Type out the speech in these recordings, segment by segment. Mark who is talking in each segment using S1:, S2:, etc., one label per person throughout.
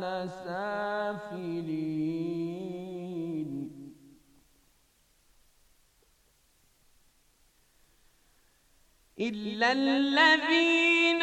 S1: لسافلين إلا الذين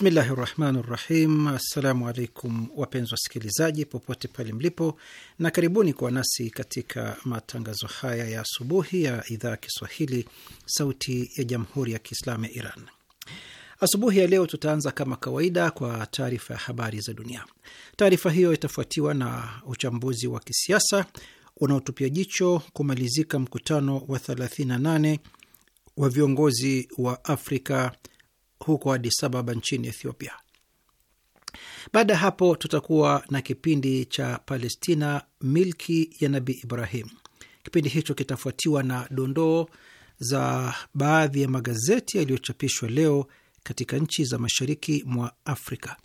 S2: Bismillahi rahmani rahim. Assalamu alaikum wapenzi wasikilizaji popote pale mlipo, na karibuni kwa nasi katika matangazo haya ya asubuhi ya idhaa ya Kiswahili sauti ya jamhuri ya Kiislamu ya Iran. Asubuhi ya leo tutaanza kama kawaida kwa taarifa ya habari za dunia. Taarifa hiyo itafuatiwa na uchambuzi wa kisiasa unaotupia jicho kumalizika mkutano wa 38 wa viongozi wa Afrika huko Addis Ababa nchini Ethiopia. Baada ya hapo tutakuwa na kipindi cha Palestina, milki ya nabi Ibrahim. Kipindi hicho kitafuatiwa na dondoo za baadhi ya magazeti yaliyochapishwa leo katika nchi za mashariki mwa Afrika.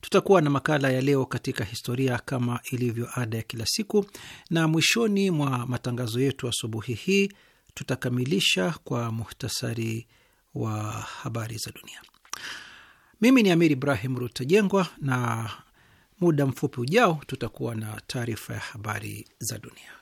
S2: Tutakuwa na makala ya leo katika historia kama ilivyo ada ya kila siku, na mwishoni mwa matangazo yetu asubuhi hii tutakamilisha kwa muhtasari wa habari za dunia. Mimi ni Amir Ibrahim Rutajengwa, na muda mfupi ujao tutakuwa na taarifa ya habari za dunia.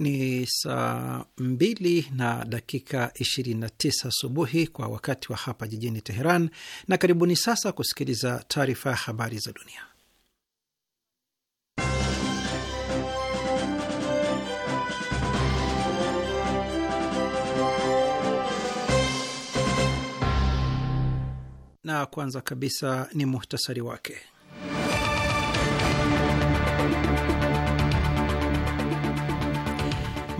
S2: Ni saa mbili na dakika 29 asubuhi kwa wakati wa hapa jijini Teheran, na karibuni sasa kusikiliza taarifa ya habari za dunia. Na kwanza kabisa ni muhtasari wake.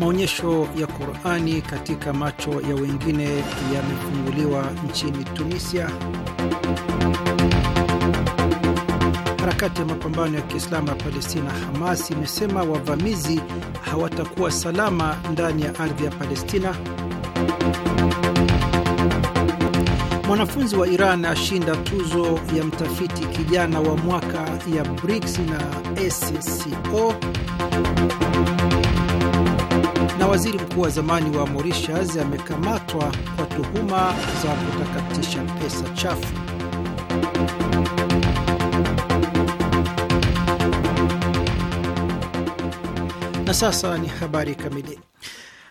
S2: Maonyesho ya Qurani katika macho ya wengine yamefunguliwa nchini Tunisia. Harakati ya mapambano ya Kiislamu ya Palestina Hamas imesema wavamizi hawatakuwa salama ndani ya ardhi ya Palestina. Mwanafunzi wa Iran ashinda tuzo ya mtafiti kijana wa mwaka ya BRICS na SCO na waziri mkuu wa zamani wa Mauritius amekamatwa kwa tuhuma za kutakatisha pesa chafu. Na sasa ni habari kamili.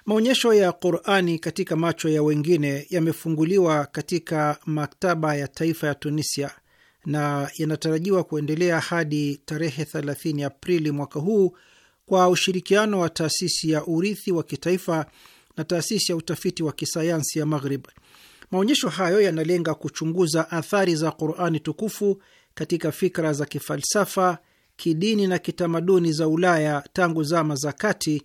S2: Maonyesho ya Qurani katika macho ya wengine yamefunguliwa katika maktaba ya taifa ya Tunisia na yanatarajiwa kuendelea hadi tarehe 30 Aprili mwaka huu kwa ushirikiano wa taasisi ya urithi wa kitaifa na taasisi ya utafiti wa kisayansi ya Maghrib. Maonyesho hayo yanalenga kuchunguza athari za Qurani tukufu katika fikra za kifalsafa, kidini na kitamaduni za Ulaya tangu zama za kati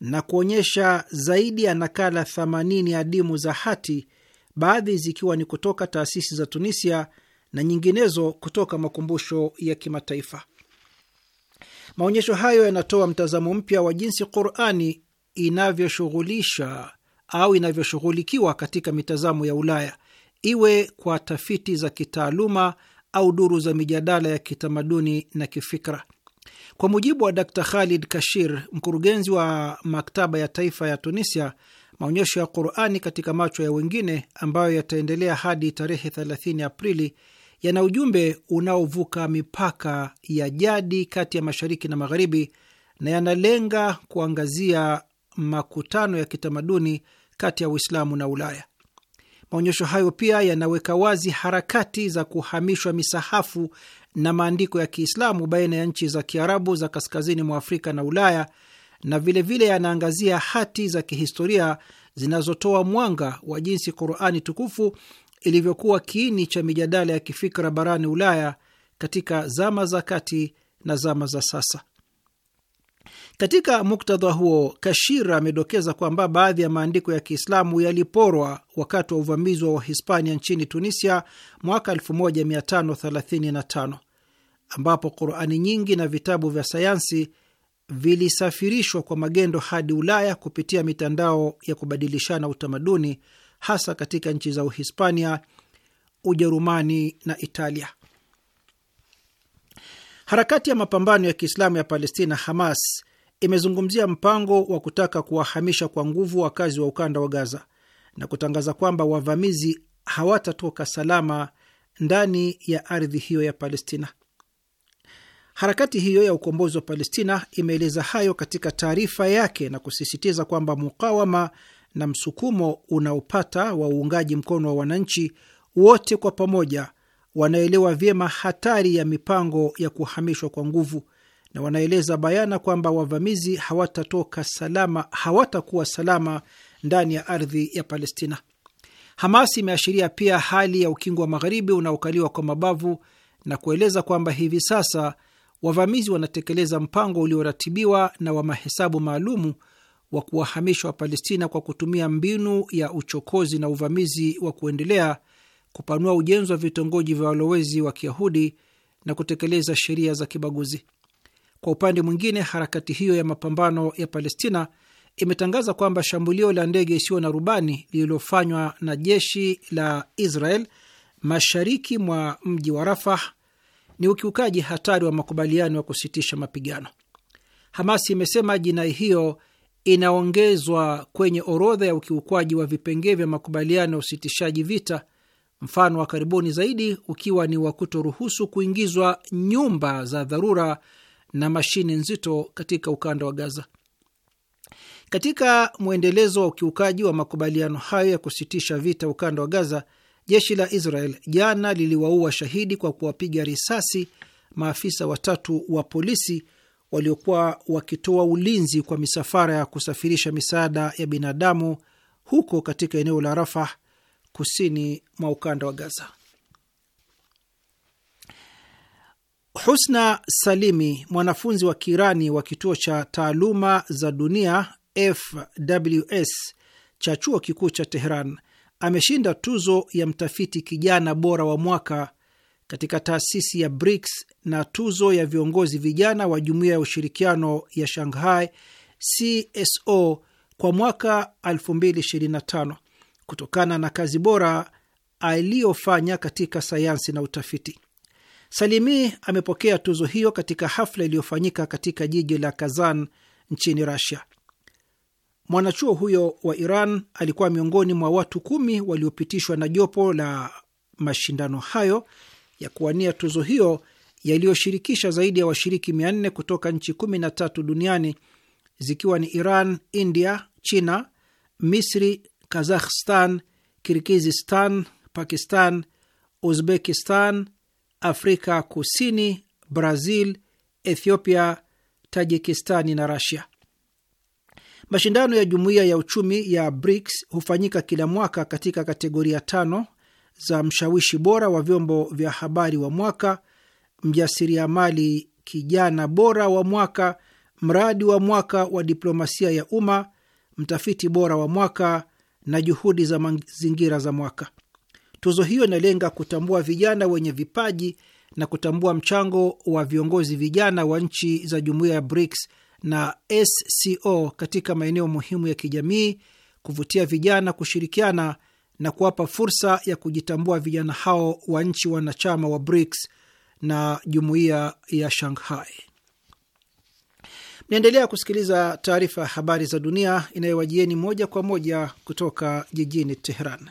S2: na kuonyesha zaidi ya nakala 80 adimu za hati, baadhi zikiwa ni kutoka taasisi za Tunisia na nyinginezo kutoka makumbusho ya kimataifa. Maonyesho hayo yanatoa mtazamo mpya wa jinsi Qurani inavyoshughulisha au inavyoshughulikiwa katika mitazamo ya Ulaya, iwe kwa tafiti za kitaaluma au duru za mijadala ya kitamaduni na kifikra. Kwa mujibu wa Dr Khalid Kashir, mkurugenzi wa maktaba ya taifa ya Tunisia, maonyesho ya Qurani katika macho ya wengine ambayo yataendelea hadi tarehe 30 Aprili yana ujumbe unaovuka mipaka ya jadi kati ya mashariki na magharibi na yanalenga kuangazia makutano ya kitamaduni kati ya Uislamu na Ulaya. Maonyesho hayo pia yanaweka wazi harakati za kuhamishwa misahafu na maandiko ya Kiislamu baina ya nchi za Kiarabu za kaskazini mwa Afrika na Ulaya, na vilevile yanaangazia hati za kihistoria zinazotoa mwanga wa jinsi Qurani tukufu ilivyokuwa kiini cha mijadala ya kifikra barani Ulaya katika zama za kati na zama za sasa. Katika muktadha huo, Kashira amedokeza kwamba baadhi ya maandiko ya Kiislamu yaliporwa wakati wa uvamizi wa Wahispania nchini Tunisia mwaka 1535 ambapo Qurani nyingi na vitabu vya sayansi vilisafirishwa kwa magendo hadi Ulaya kupitia mitandao ya kubadilishana utamaduni hasa katika nchi za Uhispania, Ujerumani na Italia. Harakati ya mapambano ya Kiislamu ya Palestina, Hamas, imezungumzia mpango wa kutaka kuwahamisha kwa nguvu wakazi wa ukanda wa Gaza na kutangaza kwamba wavamizi hawatatoka salama ndani ya ardhi hiyo ya Palestina. Harakati hiyo ya ukombozi wa Palestina imeeleza hayo katika taarifa yake na kusisitiza kwamba mukawama na msukumo unaopata wa uungaji mkono wa wananchi wote kwa pamoja wanaelewa vyema hatari ya mipango ya kuhamishwa kwa nguvu na wanaeleza bayana kwamba wavamizi hawatatoka salama, hawatakuwa salama ndani ya ardhi ya Palestina. Hamas imeashiria pia hali ya ukingo wa magharibi unaokaliwa kwa mabavu na kueleza kwamba hivi sasa wavamizi wanatekeleza mpango ulioratibiwa na wa mahesabu maalumu wa kuwahamisha Wapalestina kwa kutumia mbinu ya uchokozi na uvamizi wa kuendelea, kupanua ujenzi wa vitongoji vya walowezi wa Kiyahudi na kutekeleza sheria za kibaguzi. Kwa upande mwingine, harakati hiyo ya mapambano ya Palestina imetangaza kwamba shambulio la ndege isiyo na rubani lililofanywa na jeshi la Israel mashariki mwa mji wa Rafah ni ukiukaji hatari wa makubaliano ya kusitisha mapigano. Hamas imesema jinai hiyo inaongezwa kwenye orodha ya ukiukwaji wa vipengee vya makubaliano ya usitishaji vita, mfano wa karibuni zaidi ukiwa ni wa kutoruhusu kuingizwa nyumba za dharura na mashine nzito katika ukanda wa Gaza. Katika mwendelezo wa ukiukaji wa makubaliano hayo ya kusitisha vita ukanda wa Gaza, jeshi la Israel jana liliwaua shahidi kwa kuwapiga risasi maafisa watatu wa polisi waliokuwa wakitoa ulinzi kwa misafara ya kusafirisha misaada ya binadamu huko katika eneo la rafa kusini mwa ukanda wa Gaza. Husna Salimi, mwanafunzi wa Kirani wa kituo cha taaluma za dunia FWS cha chuo kikuu cha Tehran, ameshinda tuzo ya mtafiti kijana bora wa mwaka katika taasisi ya BRICS na tuzo ya viongozi vijana wa jumuiya ya ushirikiano ya Shanghai CSO kwa mwaka 2025 kutokana na kazi bora aliyofanya katika sayansi na utafiti. Salimi amepokea tuzo hiyo katika hafla iliyofanyika katika jiji la Kazan nchini Russia. Mwanachuo huyo wa Iran alikuwa miongoni mwa watu kumi waliopitishwa na jopo la mashindano hayo ya kuwania tuzo hiyo yaliyoshirikisha zaidi ya washiriki 400 kutoka nchi 13 duniani zikiwa ni Iran, India, China, Misri, Kazakhstan, Kirgizistan, Pakistan, Uzbekistan, Afrika Kusini, Brazil, Ethiopia, Tajikistani na Rasia. Mashindano ya Jumuiya ya Uchumi ya BRICS hufanyika kila mwaka katika kategoria tano za mshawishi bora wa vyombo vya habari wa mwaka, mjasiriamali kijana bora wa mwaka, mradi wa mwaka wa diplomasia ya umma, mtafiti bora wa mwaka na juhudi za mazingira za mwaka. Tuzo hiyo inalenga kutambua vijana wenye vipaji na kutambua mchango wa viongozi vijana wa nchi za jumuiya ya BRICS na SCO katika maeneo muhimu ya kijamii, kuvutia vijana kushirikiana na kuwapa fursa ya kujitambua vijana hao wa nchi wanachama wa BRICS na jumuiya ya Shanghai. Mnaendelea kusikiliza taarifa ya habari za dunia inayowajieni moja kwa moja kutoka jijini Teheran.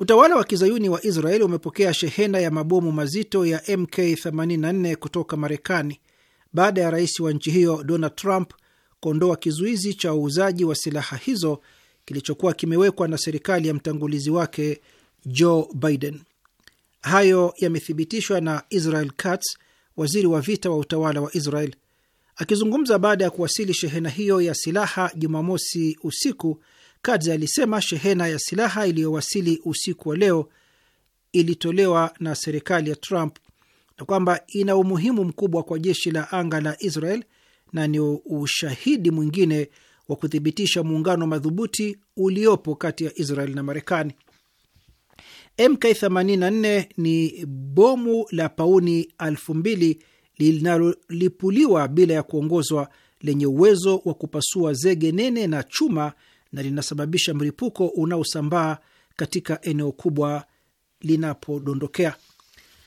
S2: Utawala wa kizayuni wa Israeli umepokea shehena ya mabomu mazito ya MK84 kutoka Marekani baada ya rais wa nchi hiyo Donald Trump kuondoa kizuizi cha uuzaji wa silaha hizo kilichokuwa kimewekwa na serikali ya mtangulizi wake Joe Biden. Hayo yamethibitishwa na Israel Katz, waziri wa vita wa utawala wa Israel, akizungumza baada ya kuwasili shehena hiyo ya silaha Jumamosi usiku. Katz alisema shehena ya silaha iliyowasili usiku wa leo ilitolewa na serikali ya Trump na kwamba ina umuhimu mkubwa kwa jeshi la anga la Israel na ni ushahidi mwingine wa kuthibitisha muungano madhubuti uliopo kati ya Israel na Marekani. MK84 ni bomu la pauni elfu mbili linalolipuliwa bila ya kuongozwa lenye uwezo wa kupasua zege nene na chuma na linasababisha mlipuko unaosambaa katika eneo kubwa linapodondokea.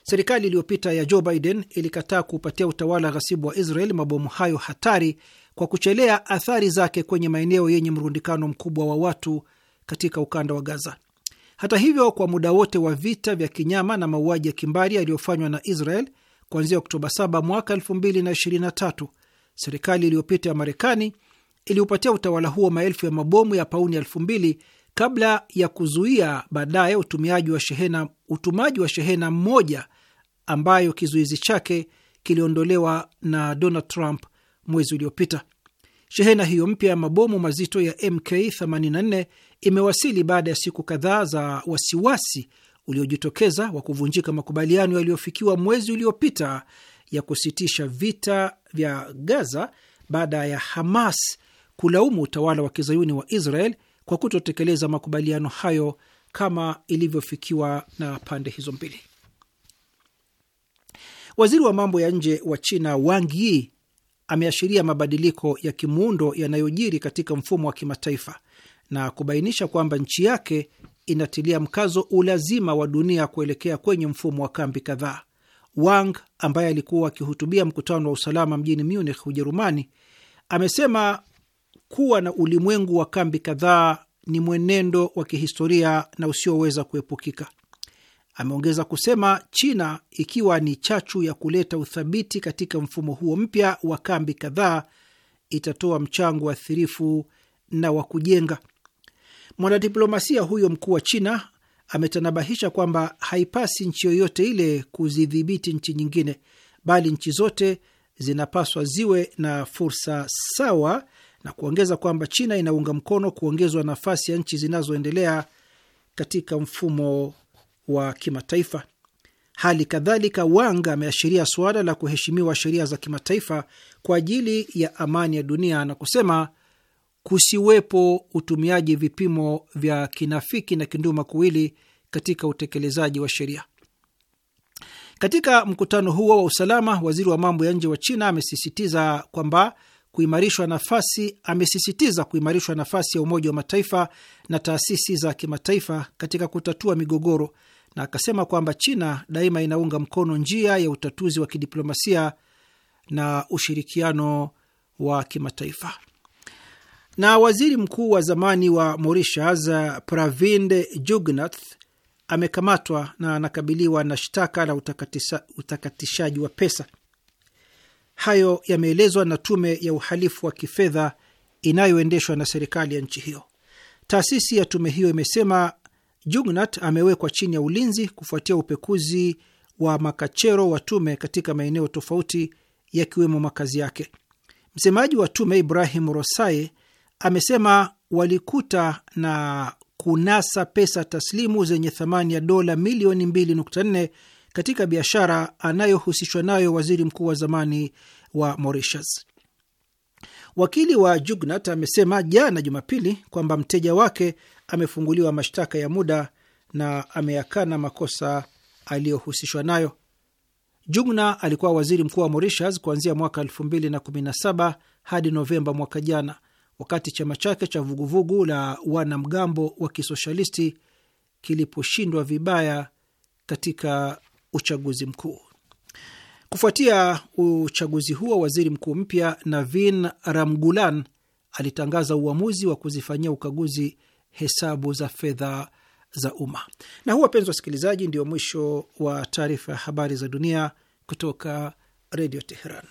S2: Serikali iliyopita ya Joe Biden ilikataa kuupatia utawala ghasibu wa Israel mabomu hayo hatari kwa kuchelea athari zake kwenye maeneo yenye mrundikano mkubwa wa watu katika ukanda wa Gaza. Hata hivyo, kwa muda wote wa vita vya kinyama na mauaji ya kimbari yaliyofanywa na Israel kuanzia Oktoba 7 mwaka 2023, serikali iliyopita ya Marekani iliupatia utawala huo maelfu ya mabomu ya pauni elfu kabla ya kuzuia baadaye utumiaji wa shehena, utumaji wa shehena moja ambayo kizuizi chake kiliondolewa na Donald Trump mwezi uliopita. Shehena hiyo mpya ya mabomu mazito ya MK84 imewasili baada ya siku kadhaa za wasiwasi uliojitokeza wa kuvunjika makubaliano yaliyofikiwa mwezi uliopita ya kusitisha vita vya Gaza baada ya Hamas kulaumu utawala wa kizayuni wa Israel kwa kutotekeleza makubaliano hayo kama ilivyofikiwa na pande hizo mbili. Waziri wa mambo ya nje wa China Wang Yi ameashiria mabadiliko ya kimuundo yanayojiri katika mfumo wa kimataifa na kubainisha kwamba nchi yake inatilia mkazo ulazima wa dunia kuelekea kwenye mfumo wa kambi kadhaa. Wang ambaye alikuwa akihutubia mkutano wa usalama mjini Munich, Ujerumani, amesema kuwa na ulimwengu wa kambi kadhaa ni mwenendo wa kihistoria na usioweza kuepukika. Ameongeza kusema China ikiwa ni chachu ya kuleta uthabiti katika mfumo huo mpya wa kambi kadhaa itatoa mchango athirifu na wa kujenga. Mwanadiplomasia huyo mkuu wa China ametanabahisha kwamba haipasi nchi yoyote ile kuzidhibiti nchi nyingine, bali nchi zote zinapaswa ziwe na fursa sawa, na kuongeza kwamba China inaunga mkono kuongezwa nafasi ya nchi zinazoendelea katika mfumo wa kimataifa. Hali kadhalika, Wang ameashiria suala la kuheshimiwa sheria za kimataifa kwa ajili ya amani ya dunia na kusema kusiwepo utumiaji vipimo vya kinafiki na kinduma kuwili katika utekelezaji wa sheria. Katika mkutano huo wa usalama, waziri wa mambo ya nje wa China amesisitiza kwamba kuimarishwa nafasi amesisitiza kuimarishwa nafasi ya Umoja wa Mataifa na taasisi za kimataifa katika kutatua migogoro na akasema kwamba China daima inaunga mkono njia ya utatuzi wa kidiplomasia na ushirikiano wa kimataifa. Na waziri mkuu wa zamani wa Mauritius Pravind Jugnauth amekamatwa na anakabiliwa na shtaka la utakatishaji wa pesa. Hayo yameelezwa na tume ya uhalifu wa kifedha inayoendeshwa na serikali ya nchi hiyo. Taasisi ya tume hiyo imesema Jugnat amewekwa chini ya ulinzi kufuatia upekuzi wa makachero wa tume katika maeneo tofauti yakiwemo makazi yake. Msemaji wa tume Ibrahim Rosai amesema walikuta na kunasa pesa taslimu zenye thamani ya dola milioni 2.4 katika biashara anayohusishwa nayo waziri mkuu wa zamani wa Mauritius. Wakili wa Jugnat amesema jana Jumapili kwamba mteja wake amefunguliwa mashtaka ya muda na ameyakana makosa aliyohusishwa nayo. Jugna alikuwa waziri mkuu wa Mauritius kuanzia mwaka 2017 hadi Novemba mwaka jana, wakati chama chake cha vuguvugu la wanamgambo wa kisoshalisti kiliposhindwa vibaya katika uchaguzi mkuu. Kufuatia uchaguzi huo, waziri mkuu mpya Navin Ramgulan alitangaza uamuzi wa kuzifanyia ukaguzi hesabu za fedha za umma. Na huu, wapenzi wasikilizaji, ndio mwisho wa taarifa ya habari za dunia kutoka Redio Teheran.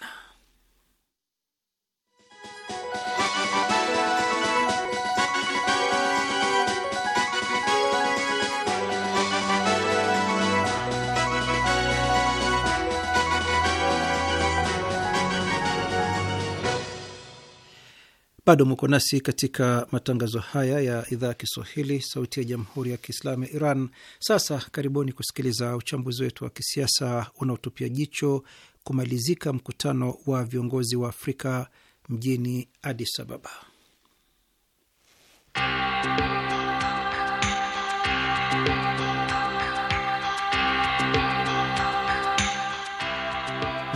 S2: Bado muko nasi katika matangazo haya ya idhaa ya Kiswahili, sauti ya jamhuri ya kiislamu ya Iran. Sasa karibuni kusikiliza uchambuzi wetu wa kisiasa unaotupia jicho kumalizika mkutano wa viongozi wa Afrika mjini addis Ababa.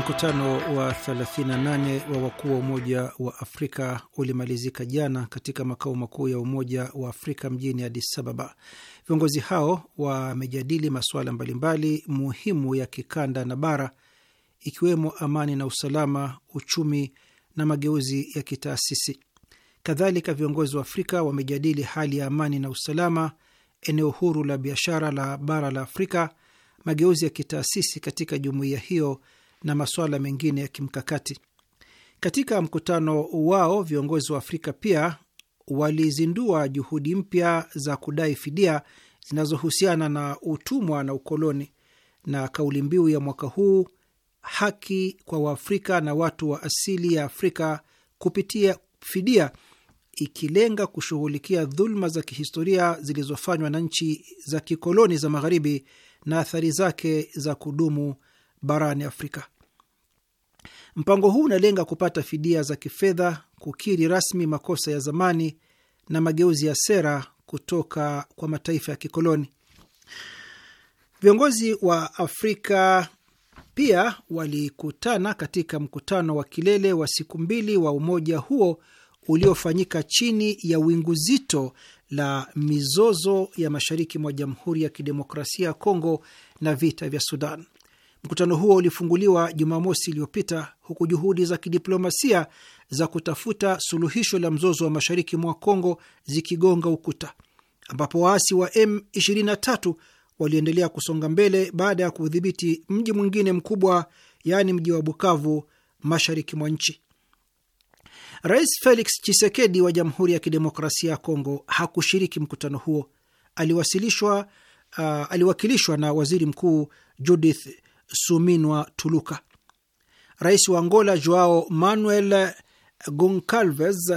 S2: Mkutano wa 38 wa wakuu wa Umoja wa Afrika ulimalizika jana katika makao makuu ya Umoja wa Afrika mjini Addis Ababa. Viongozi hao wamejadili masuala mbalimbali muhimu ya kikanda na bara, ikiwemo amani na usalama, uchumi na mageuzi ya kitaasisi. Kadhalika, viongozi wa Afrika wamejadili hali ya amani na usalama, eneo huru la biashara la bara la Afrika, mageuzi ya kitaasisi katika jumuiya hiyo na masuala mengine ya kimkakati. Katika mkutano wao, viongozi wa Afrika pia walizindua juhudi mpya za kudai fidia zinazohusiana na utumwa na ukoloni, na kauli mbiu ya mwaka huu haki kwa Waafrika na watu wa asili ya Afrika kupitia fidia, ikilenga kushughulikia dhuluma za kihistoria zilizofanywa na nchi za kikoloni za Magharibi na athari zake za kudumu barani Afrika. Mpango huu unalenga kupata fidia za kifedha, kukiri rasmi makosa ya zamani na mageuzi ya sera kutoka kwa mataifa ya kikoloni. Viongozi wa Afrika pia walikutana katika mkutano wa kilele wa siku mbili wa umoja huo uliofanyika chini ya wingu zito la mizozo ya mashariki mwa Jamhuri ya Kidemokrasia ya Kongo na vita vya Sudan. Mkutano huo ulifunguliwa Jumamosi iliyopita huku juhudi za kidiplomasia za kutafuta suluhisho la mzozo wa mashariki mwa Kongo zikigonga ukuta, ambapo waasi wa M23 waliendelea kusonga mbele baada ya kudhibiti mji mwingine mkubwa, yaani mji wa Bukavu, mashariki mwa nchi. Rais Felix Tshisekedi wa Jamhuri ya Kidemokrasia ya Kongo hakushiriki mkutano huo. Aliwasilishwa, uh, aliwakilishwa na waziri mkuu Judith Suminwa Tuluka. Rais wa Angola Joao Manuel Goncalves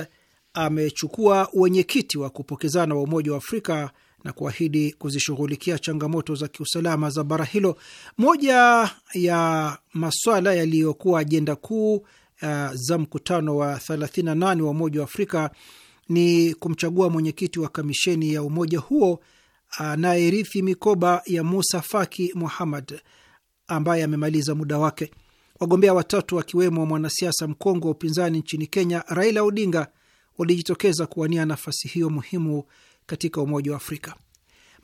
S2: amechukua wenyekiti wa kupokezana wa Umoja wa Afrika na kuahidi kuzishughulikia changamoto za kiusalama za bara hilo. Moja ya maswala yaliyokuwa ajenda kuu uh, za mkutano wa 38 wa Umoja wa Afrika ni kumchagua mwenyekiti wa kamisheni ya umoja huo anayerithi uh, mikoba ya Musa Faki Muhammad ambaye amemaliza muda wake. Wagombea watatu wakiwemo mwanasiasa mkongwe wa upinzani nchini Kenya Raila Odinga walijitokeza kuwania nafasi hiyo muhimu katika Umoja wa Afrika.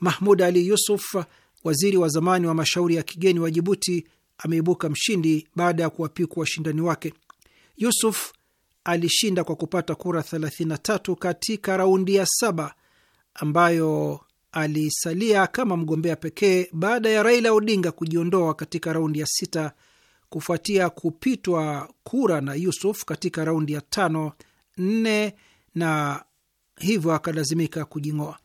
S2: Mahmud Ali Yusuf, waziri wa zamani wa mashauri ya kigeni wa Jibuti, ameibuka mshindi baada ya kuwapikwa washindani wake. Yusuf alishinda kwa kupata kura 33 katika raundi ya saba ambayo alisalia kama mgombea pekee baada ya Raila Odinga kujiondoa katika raundi ya sita kufuatia kupitwa kura na Yusuf katika raundi ya tano nne, na hivyo akalazimika kujing'oa.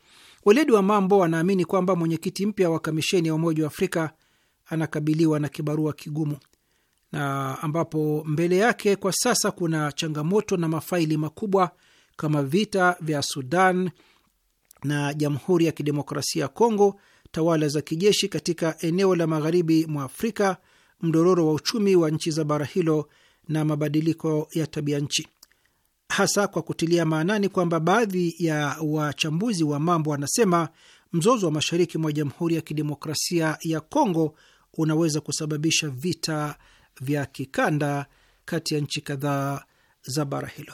S2: Weledi wa mambo anaamini kwamba mwenyekiti mpya wa kamisheni ya Umoja wa Afrika anakabiliwa na kibarua kigumu na ambapo mbele yake kwa sasa kuna changamoto na mafaili makubwa kama vita vya Sudan, na Jamhuri ya Kidemokrasia ya Kongo, tawala za kijeshi katika eneo la magharibi mwa Afrika, mdororo wa uchumi wa nchi za bara hilo na mabadiliko ya tabia nchi, hasa kwa kutilia maanani kwamba baadhi ya wachambuzi wa mambo wanasema mzozo wa mashariki mwa Jamhuri ya Kidemokrasia ya Kongo unaweza kusababisha vita vya kikanda kati ya nchi kadhaa za bara hilo.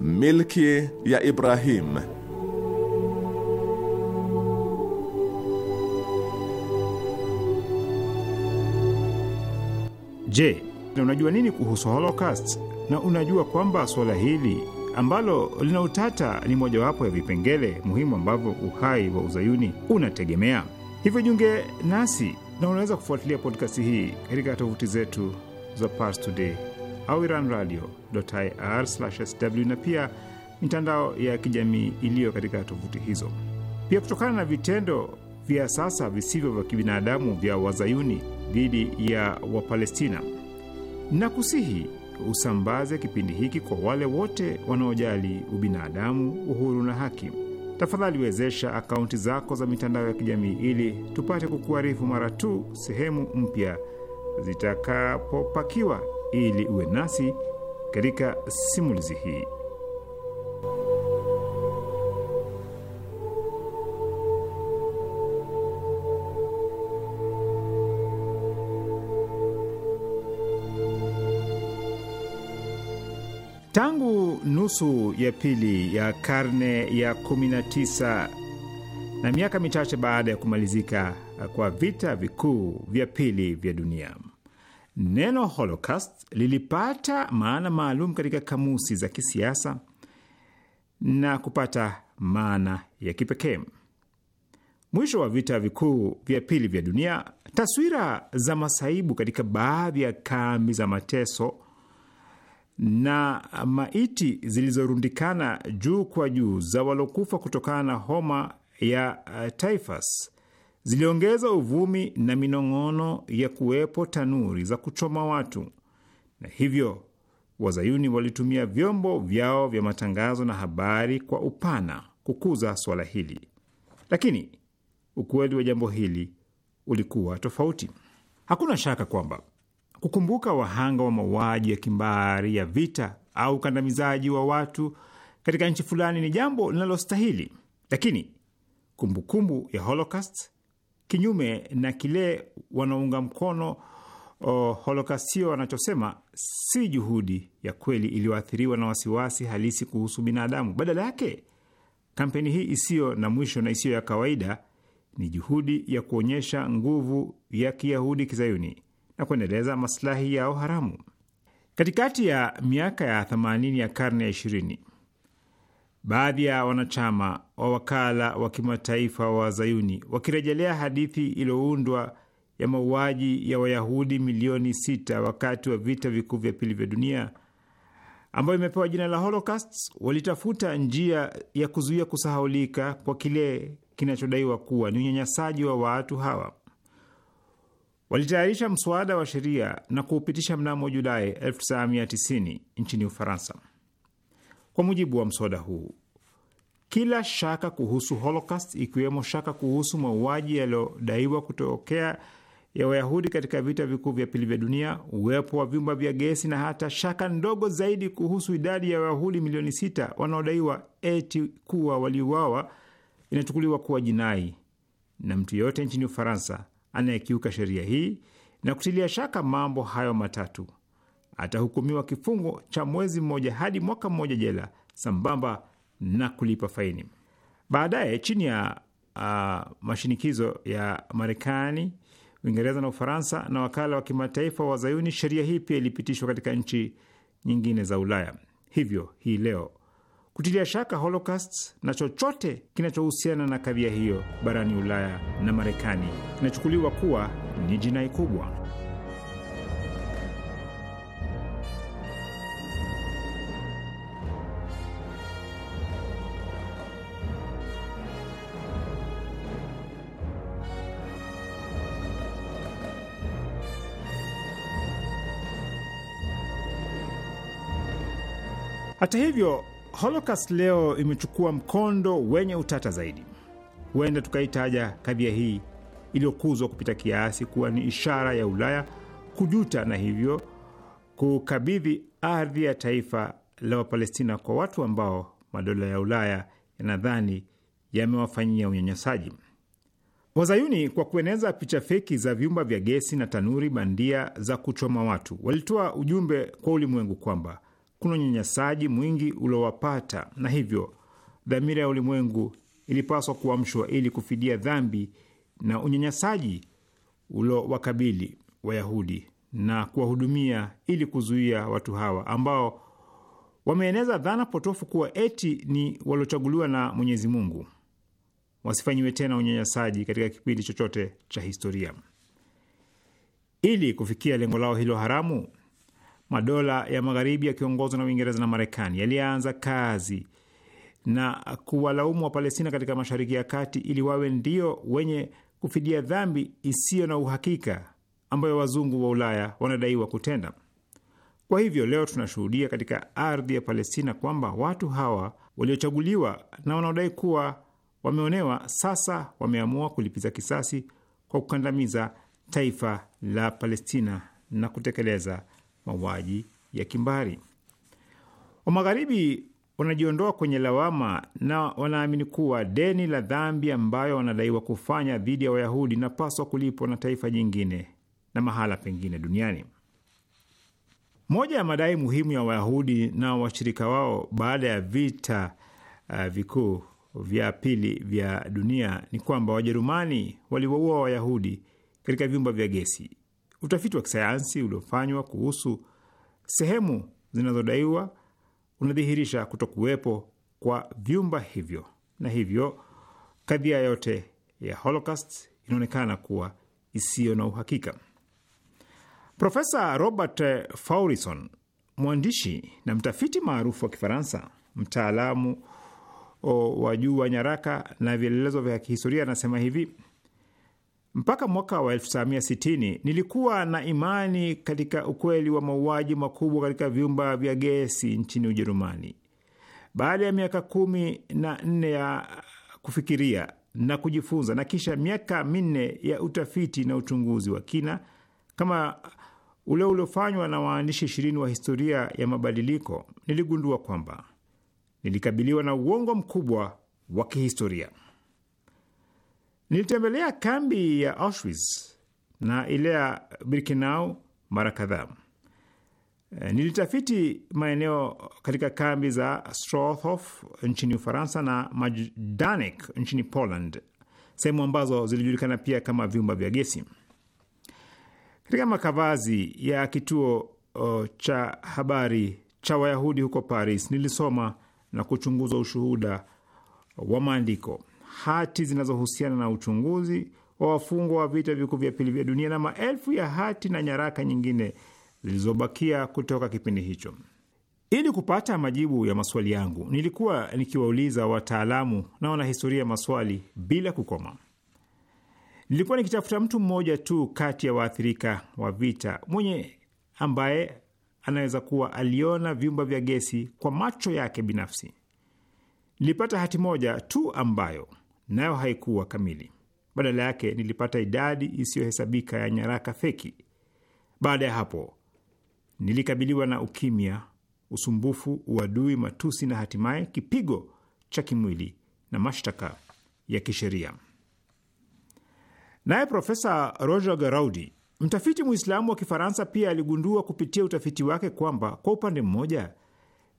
S3: Milki ya
S4: Ibrahim. Je, na unajua nini kuhusu Holocaust? Na unajua kwamba suala hili ambalo lina utata ni mojawapo ya vipengele muhimu ambavyo uhai wa uzayuni unategemea. Hivyo jiunge nasi na unaweza kufuatilia podkasti hii katika tovuti zetu za Pars Today au iranradio.ir/sw na pia mitandao ya kijamii iliyo katika tovuti hizo. Pia kutokana na vitendo vya sasa visivyo vya kibinadamu vya wazayuni dhidi ya Wapalestina, nakusihi usambaze kipindi hiki kwa wale wote wanaojali ubinadamu, uhuru na haki. Tafadhali wezesha akaunti zako za mitandao ya kijamii ili tupate kukuarifu mara tu sehemu mpya zitakapopakiwa ili uwe nasi katika simulizi hii. Tangu nusu ya pili ya karne ya 19 na miaka michache baada ya kumalizika kwa vita vikuu vya pili vya dunia Neno Holocaust lilipata maana maalum katika kamusi za kisiasa na kupata maana ya kipekee mwisho wa vita vikuu vya pili vya dunia. Taswira za masaibu katika baadhi ya kambi za mateso na maiti zilizorundikana juu kwa juu za walokufa kutokana na homa ya eh, typhus ziliongeza uvumi na minong'ono ya kuwepo tanuri za kuchoma watu, na hivyo wazayuni walitumia vyombo vyao vya matangazo na habari kwa upana kukuza swala hili, lakini ukweli wa jambo hili ulikuwa tofauti. Hakuna shaka kwamba kukumbuka wahanga wa mauaji ya kimbari ya vita au ukandamizaji wa watu katika nchi fulani ni jambo linalostahili, lakini kumbukumbu kumbu ya Holocaust kinyume na kile wanaunga mkono o, holokastio wanachosema si juhudi ya kweli iliyoathiriwa na wasiwasi halisi kuhusu binadamu. Badala yake, kampeni hii isiyo na mwisho na isiyo ya kawaida ni juhudi ya kuonyesha nguvu ya Kiyahudi kizayuni na kuendeleza maslahi yao haramu. Katikati ya miaka ya 80 ya karne ya 20 baadhi ya wanachama wa wakala wa kimataifa wa Zayuni wakirejelea hadithi iliyoundwa ya mauaji ya Wayahudi milioni sita wakati wa vita vikuu vya pili vya dunia ambayo imepewa jina la Holocaust, walitafuta njia ya kuzuia kusahaulika kwa kile kinachodaiwa kuwa ni unyanyasaji wa watu hawa. Walitayarisha mswada wa sheria na kuupitisha mnamo Julai 1990 nchini Ufaransa. Kwa mujibu wa mswada huu, kila shaka kuhusu Holocaust, ikiwemo shaka kuhusu mauaji yaliyodaiwa kutokea ya Wayahudi katika vita vikuu vya pili vya dunia, uwepo wa vyumba vya gesi na hata shaka ndogo zaidi kuhusu idadi ya Wayahudi milioni sita wanaodaiwa eti kuwa waliuawa inachukuliwa kuwa jinai, na mtu yeyote nchini Ufaransa anayekiuka sheria hii na kutilia shaka mambo hayo matatu atahukumiwa kifungo cha mwezi mmoja hadi mwaka mmoja jela sambamba na kulipa faini. Baadaye, chini ya uh, mashinikizo ya Marekani, Uingereza na Ufaransa na wakala wa kimataifa wa Zayuni, sheria hii pia ilipitishwa katika nchi nyingine za Ulaya. Hivyo hii leo kutilia shaka Holocaust na chochote kinachohusiana na kadhia hiyo barani Ulaya na Marekani kinachukuliwa kuwa ni jinai kubwa. Hata hivyo, Holocaust leo imechukua mkondo wenye utata zaidi. Huenda tukaitaja kadhia hii iliyokuzwa kupita kiasi kuwa ni ishara ya Ulaya kujuta na hivyo kukabidhi ardhi ya taifa la Wapalestina kwa watu ambao madola ya Ulaya yanadhani yamewafanyia unyanyasaji. Wazayuni kwa kueneza picha feki za vyumba vya gesi na tanuri bandia za kuchoma watu walitoa ujumbe kwa ulimwengu kwamba kuna unyanyasaji mwingi uliowapata, na hivyo dhamira ya ulimwengu ilipaswa kuamshwa ili kufidia dhambi na unyanyasaji uliowakabili Wayahudi na kuwahudumia ili kuzuia watu hawa ambao wameeneza dhana potofu kuwa eti ni waliochaguliwa na Mwenyezi Mungu wasifanyiwe tena unyanyasaji katika kipindi chochote cha historia. Ili kufikia lengo lao hilo haramu, madola ya magharibi yakiongozwa na Uingereza na Marekani yalianza kazi na kuwalaumu Wapalestina katika Mashariki ya Kati ili wawe ndio wenye kufidia dhambi isiyo na uhakika ambayo wazungu wa Ulaya wanadaiwa kutenda. Kwa hivyo leo tunashuhudia katika ardhi ya Palestina kwamba watu hawa waliochaguliwa na wanaodai kuwa wameonewa sasa wameamua kulipiza kisasi kwa kukandamiza taifa la Palestina na kutekeleza mauaji ya kimbari. Wa Magharibi wanajiondoa kwenye lawama na wanaamini kuwa deni la dhambi ambayo wanadaiwa kufanya dhidi ya Wayahudi inapaswa kulipwa na taifa jingine na mahala pengine duniani. Moja ya madai muhimu ya Wayahudi na washirika wao baada ya vita uh, vikuu vya pili vya dunia ni kwamba Wajerumani waliwaua Wayahudi katika vyumba vya gesi Utafiti wa kisayansi uliofanywa kuhusu sehemu zinazodaiwa unadhihirisha kutokuwepo kwa vyumba hivyo, na hivyo kadhia yote ya Holocaust inaonekana kuwa isiyo na uhakika. Profesa Robert Faurison, mwandishi na mtafiti maarufu wa Kifaransa, mtaalamu wa juu wa nyaraka na vielelezo vya kihistoria, anasema hivi: mpaka mwaka wa 1960 nilikuwa na imani katika ukweli wa mauaji makubwa katika vyumba vya gesi nchini Ujerumani. Baada ya miaka kumi na nne ya kufikiria na kujifunza na kisha miaka minne ya utafiti na uchunguzi wa kina kama ule uliofanywa na waandishi ishirini wa historia ya mabadiliko, niligundua kwamba nilikabiliwa na uongo mkubwa wa kihistoria. Nilitembelea kambi ya Auschwitz na ile ya Birkenau mara kadhaa. Eh, nilitafiti maeneo katika kambi za Strothof nchini Ufaransa na Majdanek nchini Poland, sehemu ambazo zilijulikana pia kama vyumba vya gesi. Katika makavazi ya kituo cha habari cha Wayahudi huko Paris, nilisoma na kuchunguza ushuhuda wa maandiko hati zinazohusiana na uchunguzi wa wafungwa wa vita vikuu vya pili vya dunia na maelfu ya hati na nyaraka nyingine zilizobakia kutoka kipindi hicho. Ili kupata majibu ya maswali yangu, nilikuwa nikiwauliza wataalamu na wanahistoria maswali bila kukoma. Nilikuwa nikitafuta mtu mmoja tu kati ya waathirika wa vita mwenye ambaye anaweza kuwa aliona vyumba vya gesi kwa macho yake binafsi. Nilipata hati moja tu ambayo nayo haikuwa kamili. Badala yake nilipata idadi isiyohesabika ya nyaraka feki. Baada ya hapo nilikabiliwa na ukimya, usumbufu, uadui, matusi na hatimaye kipigo cha kimwili na mashtaka ya kisheria. Naye Profesa Roger Garaudi, mtafiti Mwislamu wa Kifaransa, pia aligundua kupitia utafiti wake kwamba kwa upande mmoja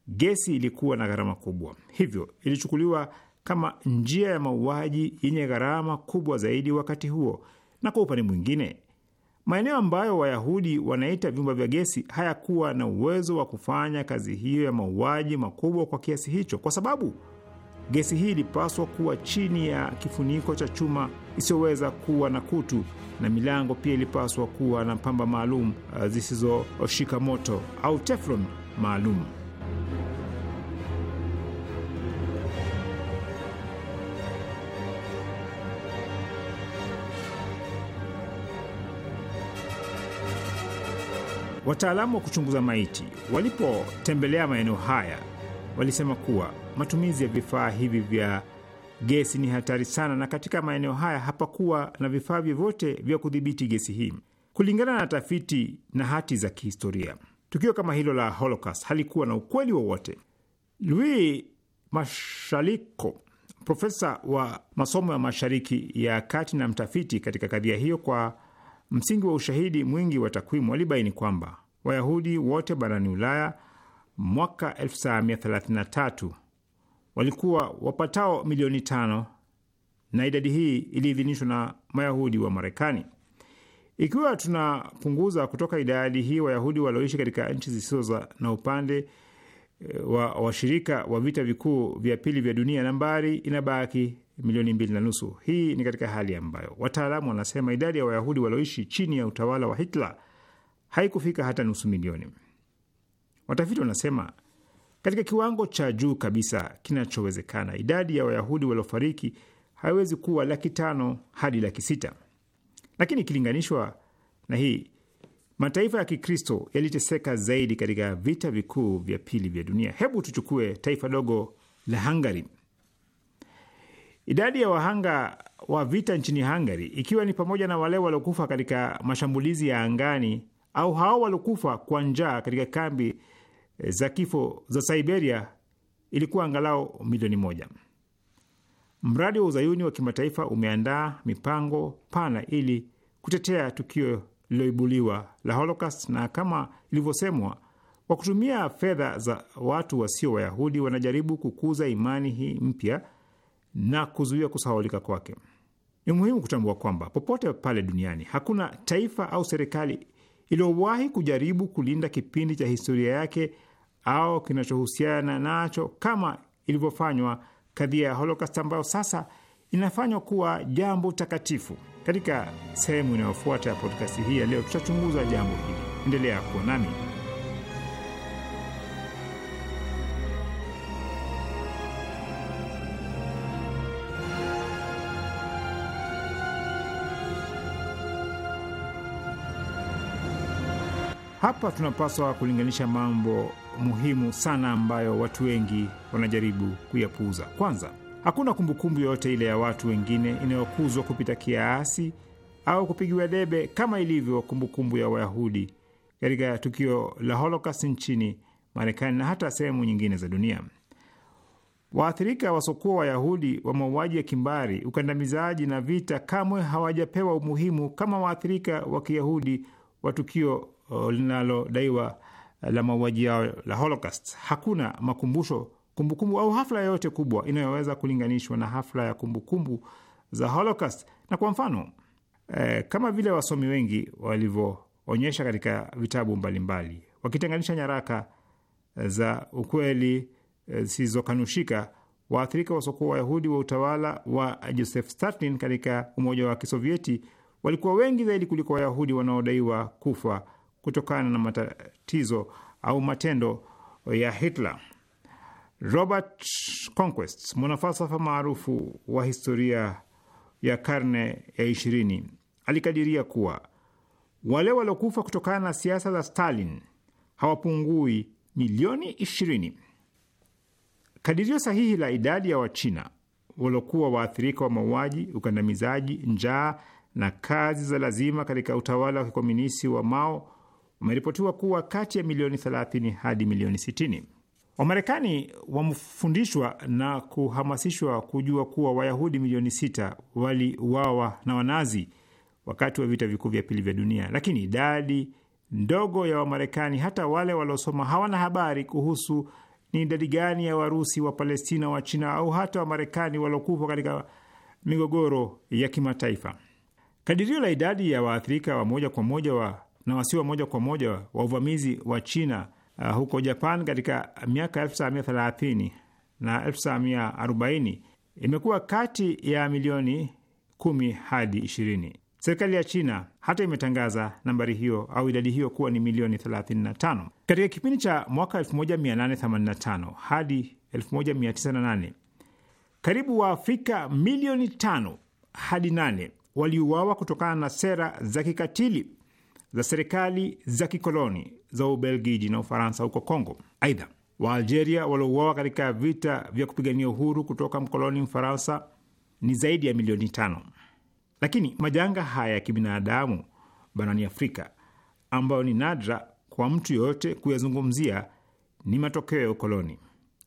S4: gesi ilikuwa na gharama kubwa, hivyo ilichukuliwa kama njia ya mauaji yenye gharama kubwa zaidi wakati huo. Na kwa upande mwingine, maeneo ambayo Wayahudi wanaita vyumba vya gesi hayakuwa na uwezo wa kufanya kazi hiyo ya mauaji makubwa kwa kiasi hicho, kwa sababu gesi hii ilipaswa kuwa chini ya kifuniko cha chuma isiyoweza kuwa na kutu, na milango pia ilipaswa kuwa na pamba maalum eh, zisizoshika moto au teflon maalum. Wataalamu wa kuchunguza maiti walipotembelea maeneo haya walisema kuwa matumizi ya vifaa hivi vya gesi ni hatari sana, na katika maeneo haya hapakuwa na vifaa vyovyote vya kudhibiti gesi hii. Kulingana na tafiti na hati za kihistoria, tukio kama hilo la Holocaust halikuwa na ukweli wowote. Louis Mashaliko, profesa wa masomo ya Mashariki ya Kati na mtafiti katika kadhia hiyo, kwa Msingi wa ushahidi mwingi wa takwimu walibaini kwamba Wayahudi wote barani Ulaya mwaka 1933 walikuwa wapatao milioni tano na idadi hii iliidhinishwa na Mayahudi wa Marekani. Ikiwa tunapunguza kutoka idadi hii Wayahudi walioishi katika nchi zisizo na upande eh, wa washirika wa vita vikuu vya pili vya dunia, nambari inabaki milioni mbili na nusu. Hii ni katika hali ambayo wataalamu wanasema idadi ya Wayahudi walioishi chini ya utawala wa Hitler haikufika hata nusu milioni. Watafiti wanasema katika kiwango cha juu kabisa kinachowezekana, idadi ya Wayahudi waliofariki haiwezi kuwa laki tano hadi laki sita, lakini ikilinganishwa na hii mataifa ya Kikristo yaliteseka zaidi katika vita vikuu vya pili vya dunia. Hebu tuchukue taifa dogo la Hungary. Idadi ya wahanga wa vita nchini Hungary, ikiwa ni pamoja na wale waliokufa katika mashambulizi ya angani au hao waliokufa kwa njaa katika kambi eh, za kifo za Siberia, ilikuwa angalau milioni moja. Mradi wa uzayuni wa kimataifa umeandaa mipango pana ili kutetea tukio lililoibuliwa la Holocaust, na kama ilivyosemwa, kwa kutumia fedha za watu wasio Wayahudi wanajaribu kukuza imani hii mpya na kuzuia kusahaulika kwake. Ni muhimu kutambua kwamba popote pale duniani hakuna taifa au serikali iliyowahi kujaribu kulinda kipindi cha historia yake au kinachohusiana nacho kama ilivyofanywa kadhia ya Holocaust ambayo sasa inafanywa kuwa jambo takatifu. Katika sehemu inayofuata ya podkasti hii ya leo tutachunguza jambo hili. Endelea kuwa nami. Hapa tunapaswa kulinganisha mambo muhimu sana ambayo watu wengi wanajaribu kuyapuuza. Kwanza, hakuna kumbukumbu yoyote ile ya watu wengine inayokuzwa kupita kiasi au kupigiwa debe kama ilivyo kumbukumbu ya Wayahudi katika tukio la Holocaust nchini Marekani na hata sehemu nyingine za dunia. Waathirika wasokuwa Wayahudi wa mauaji ya kimbari, ukandamizaji na vita kamwe hawajapewa umuhimu kama waathirika wa Kiyahudi wa tukio Eh, linalodaiwa eh, la mauaji yao la Holocaust. Hakuna makumbusho, kumbukumbu au hafla yoyote kubwa inayoweza kulinganishwa na hafla ya kumbukumbu za Holocaust. Na kwa mfano eh, kama vile wasomi wengi walivyoonyesha katika vitabu mbalimbali wakitenganisha nyaraka eh, za ukweli zisizokanushika eh, waathirika wasokuwa Wayahudi wa utawala wa Joseph Stalin katika Umoja wa Kisovieti walikuwa wengi zaidi kuliko Wayahudi wanaodaiwa kufa kutokana na matatizo au matendo ya Hitler. Robert Conquest, mwanafalsafa maarufu wa historia ya karne ya ishirini, alikadiria kuwa wale waliokufa kutokana na siasa za Stalin hawapungui milioni ishirini. Kadirio sahihi la idadi ya Wachina waliokuwa waathirika wa mauaji, ukandamizaji, njaa na kazi za lazima katika utawala wa kikomunisti wa Mao umeripotiwa kuwa kati ya milioni 30 hadi milioni 60. Wamarekani wamefundishwa na kuhamasishwa kujua kuwa Wayahudi milioni 6 waliuawa na Wanazi wakati wa vita vikuu vya pili vya dunia, lakini idadi ndogo ya Wamarekani, hata wale waliosoma, hawana habari kuhusu ni idadi gani ya Warusi, wa Palestina, wa China au hata Wamarekani waliokufa katika migogoro ya kimataifa. Kadirio la idadi ya waathirika wa moja kwa moja wa na wasiwa moja kwa moja wa uvamizi wa China uh, huko Japan katika miaka 1930 na 1940 imekuwa kati ya milioni kumi hadi ishirini. Serikali ya China hata imetangaza nambari hiyo au idadi hiyo kuwa ni milioni 35. Katika kipindi cha mwaka 1885 hadi 1908 karibu Waafrika milioni tano hadi nane waliuawa kutokana na sera za kikatili za serikali za kikoloni za Ubelgiji na Ufaransa huko Kongo. Aidha, Waalgeria waliouawa katika vita vya kupigania uhuru kutoka mkoloni Mfaransa ni zaidi ya milioni tano. Lakini majanga haya ya kibinadamu barani Afrika ambayo ni nadra kwa mtu yoyote kuyazungumzia ni matokeo ya ukoloni,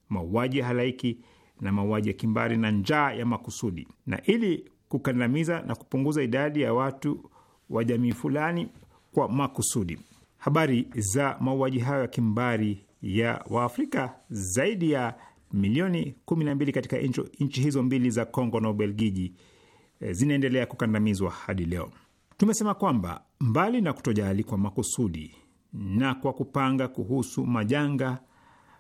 S4: mauaji ya halaiki na mauaji ya kimbari na njaa ya makusudi. Na ili kukandamiza na kupunguza idadi ya watu wa jamii fulani, kwa makusudi. Habari za mauaji hayo ya kimbari ya Waafrika zaidi ya milioni 12 katika nchi hizo mbili za Kongo na Ubelgiji e, zinaendelea kukandamizwa hadi leo. Tumesema kwamba mbali na kutojali kwa makusudi na kwa kupanga kuhusu majanga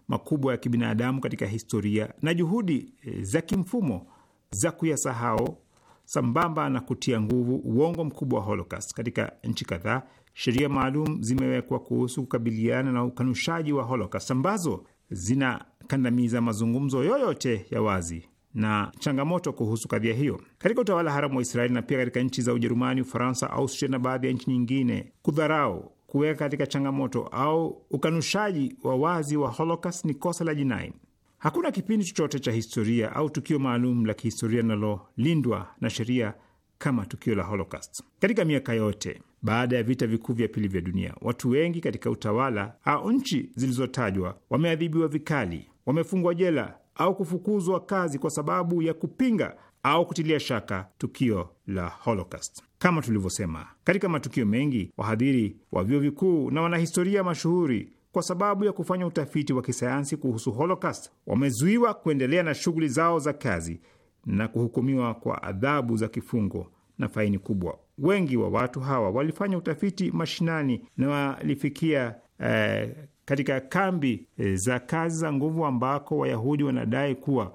S4: makubwa ya kibinadamu katika historia na juhudi e, za kimfumo za kuyasahau, sambamba na kutia nguvu uongo mkubwa wa Holocaust katika nchi kadhaa, sheria maalum zimewekwa kuhusu kukabiliana na ukanushaji wa Holocaust ambazo zinakandamiza mazungumzo yoyote ya wazi na changamoto kuhusu kadhia hiyo katika utawala haramu wa Israeli na pia katika nchi za Ujerumani, Ufaransa, Austria na baadhi ya nchi nyingine. Kudharau, kuweka katika changamoto au ukanushaji wa wazi wa Holocaust ni kosa la jinai. Hakuna kipindi chochote cha historia au tukio maalum la kihistoria linalolindwa na sheria kama tukio la Holocaust. Katika miaka yote baada ya vita vikuu vya pili vya dunia, watu wengi katika utawala au nchi zilizotajwa wameadhibiwa vikali, wamefungwa jela au kufukuzwa kazi kwa sababu ya kupinga au kutilia shaka tukio la Holocaust. Kama tulivyosema, katika matukio mengi, wahadhiri wa vyuo vikuu na wanahistoria mashuhuri kwa sababu ya kufanya utafiti wa kisayansi kuhusu Holocaust wamezuiwa kuendelea na shughuli zao za kazi na kuhukumiwa kwa adhabu za kifungo na faini kubwa. Wengi wa watu hawa walifanya utafiti mashinani na walifikia eh, katika kambi eh, za kazi za nguvu ambako Wayahudi wanadai kuwa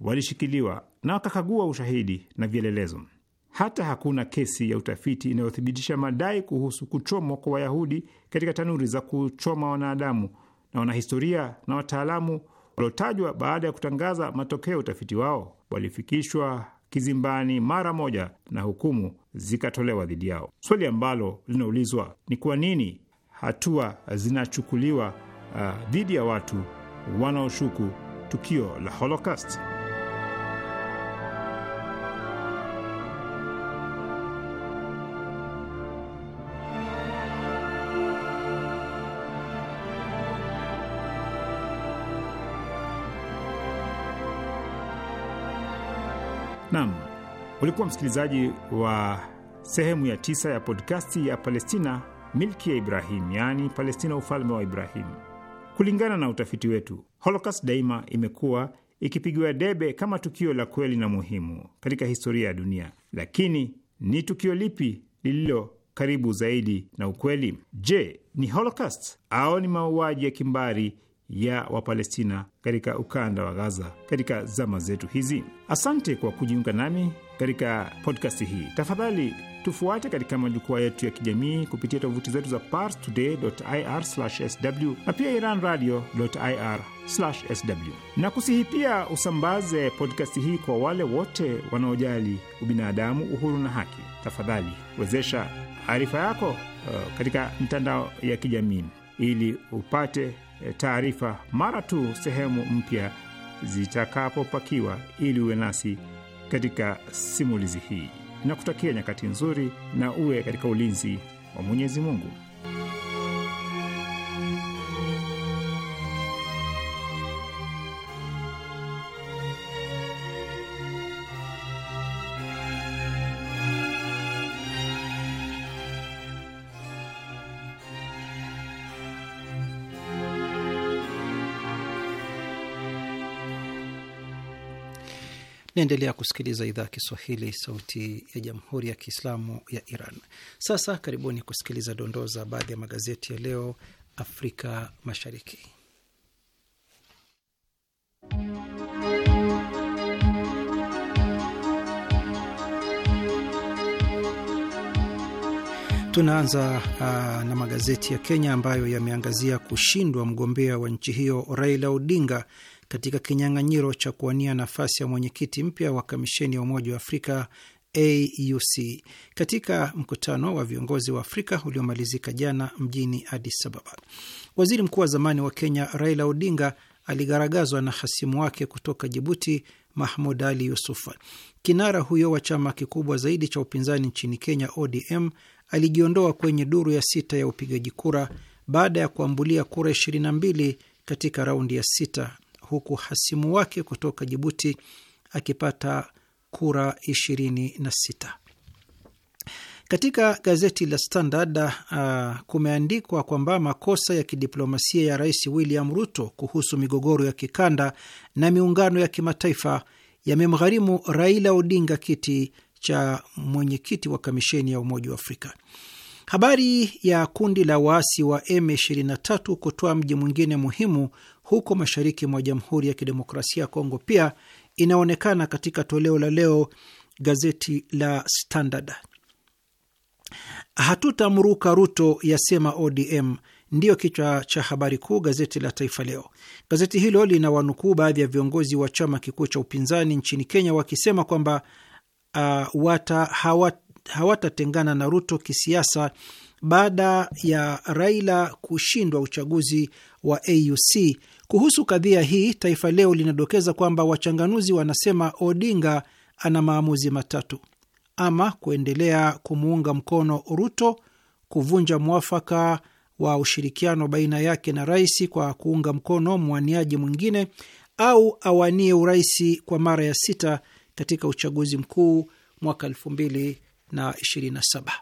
S4: walishikiliwa na wakakagua ushahidi na vielelezo. Hata hakuna kesi ya utafiti inayothibitisha madai kuhusu kuchomwa kwa Wayahudi katika tanuri za kuchoma wanadamu, na wanahistoria na wataalamu waliotajwa baada ya kutangaza matokeo ya utafiti wao walifikishwa kizimbani mara moja na hukumu zikatolewa dhidi yao. Swali ambalo linaulizwa ni kwa nini hatua zinachukuliwa uh, dhidi uh, ya watu wanaoshuku tukio la Holocaust. Ulikuwa msikilizaji wa sehemu ya tisa ya podkasti ya Palestina, milki ya Ibrahim, yaani Palestina, ufalme wa Ibrahim. Kulingana na utafiti wetu, Holocaust daima imekuwa ikipigiwa debe kama tukio la kweli na muhimu katika historia ya dunia. Lakini ni tukio lipi lililo karibu zaidi na ukweli? Je, ni Holocaust au ni mauaji ya kimbari ya Wapalestina katika ukanda wa Gaza katika zama zetu hizi? Asante kwa kujiunga nami katika podkasti hii. Tafadhali tufuate katika majukwaa yetu ya kijamii kupitia tovuti zetu za parstoday.ir/sw na pia iranradio.ir/sw, na kusihi pia usambaze podkasti hii kwa wale wote wanaojali ubinadamu, uhuru na haki. Tafadhali wezesha taarifa yako uh, katika mitandao ya kijamii ili upate eh, taarifa mara tu sehemu mpya zitakapopakiwa, ili uwe nasi katika simulizi hii. Nakutakia nyakati nzuri na uwe katika ulinzi wa Mwenyezi Mungu.
S2: Naendelea kusikiliza idhaa Kiswahili, sauti ya jamhuri ya kiislamu ya Iran. Sasa karibuni kusikiliza dondoo za baadhi ya magazeti ya leo Afrika Mashariki. Tunaanza uh, na magazeti ya Kenya ambayo yameangazia kushindwa mgombea wa nchi hiyo Raila Odinga katika kinyang'anyiro cha kuwania nafasi ya mwenyekiti mpya wa kamisheni ya Umoja wa Afrika AUC katika mkutano wa viongozi wa Afrika uliomalizika jana mjini Addis Ababa. Waziri mkuu wa zamani wa Kenya Raila Odinga aligaragazwa na hasimu wake kutoka Jibuti, Mahmud Ali Yusuf. Kinara huyo wa chama kikubwa zaidi cha upinzani nchini Kenya, ODM, alijiondoa kwenye duru ya sita ya upigaji kura baada ya kuambulia kura 22 katika raundi ya sita huku hasimu wake kutoka Jibuti akipata kura 26. Katika gazeti la Standard uh, kumeandikwa kwamba makosa ya kidiplomasia ya Rais William Ruto kuhusu migogoro ya kikanda na miungano ya kimataifa yamemgharimu Raila Odinga kiti cha mwenyekiti wa kamisheni ya Umoja wa Afrika. Habari ya kundi la waasi wa M23 kutoa mji mwingine muhimu huko mashariki mwa Jamhuri ya Kidemokrasia ya Kongo pia inaonekana katika toleo la leo gazeti la Standard. Hatutamruka Ruto, yasema ODM, ndiyo kichwa cha habari kuu gazeti la Taifa Leo. Gazeti hilo lina wanukuu baadhi ya viongozi wa chama kikuu cha upinzani nchini Kenya wakisema kwamba uh, hawatatengana hawata na Ruto kisiasa baada ya Raila kushindwa uchaguzi wa AUC. Kuhusu kadhia hii, Taifa Leo linadokeza kwamba wachanganuzi wanasema Odinga ana maamuzi matatu: ama kuendelea kumuunga mkono Ruto, kuvunja mwafaka wa ushirikiano baina yake na rais kwa kuunga mkono mwaniaji mwingine, au awanie urais kwa mara ya sita katika uchaguzi mkuu mwaka 227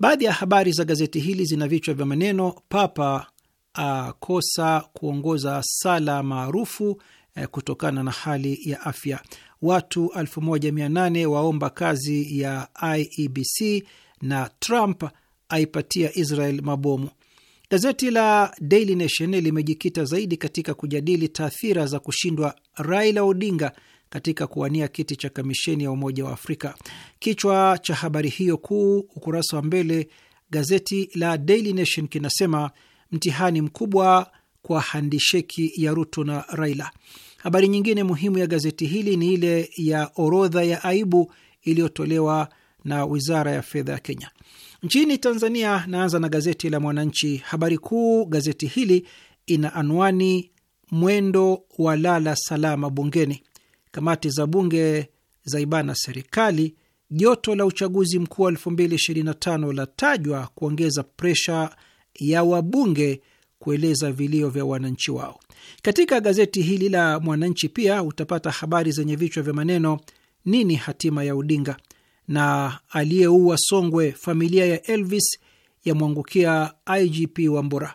S2: Baadhi ya habari za gazeti hili zina vichwa vya maneno: Papa akosa kuongoza sala maarufu eh, kutokana na hali ya afya, watu 1800 waomba kazi ya IEBC na Trump aipatia Israel mabomu. Gazeti la Daily Nation limejikita zaidi katika kujadili taathira za kushindwa Raila Odinga katika kuwania kiti cha kamisheni ya Umoja wa Afrika. Kichwa cha habari hiyo kuu, ukurasa wa mbele, gazeti la Daily Nation kinasema mtihani mkubwa kwa handisheki ya Ruto na Raila. Habari nyingine muhimu ya gazeti hili ni ile ya orodha ya aibu iliyotolewa na wizara ya fedha ya Kenya. Nchini Tanzania, naanza na gazeti la Mwananchi. Habari kuu gazeti hili ina anwani mwendo wa lala salama bungeni kamati za bunge za ibana serikali, joto la uchaguzi mkuu wa 2025 latajwa kuongeza presha ya wabunge kueleza vilio vya wananchi wao. Katika gazeti hili la Mwananchi pia utapata habari zenye vichwa vya maneno nini hatima ya Odinga na aliyeua Songwe, familia ya Elvis yamwangukia IGP Wambura,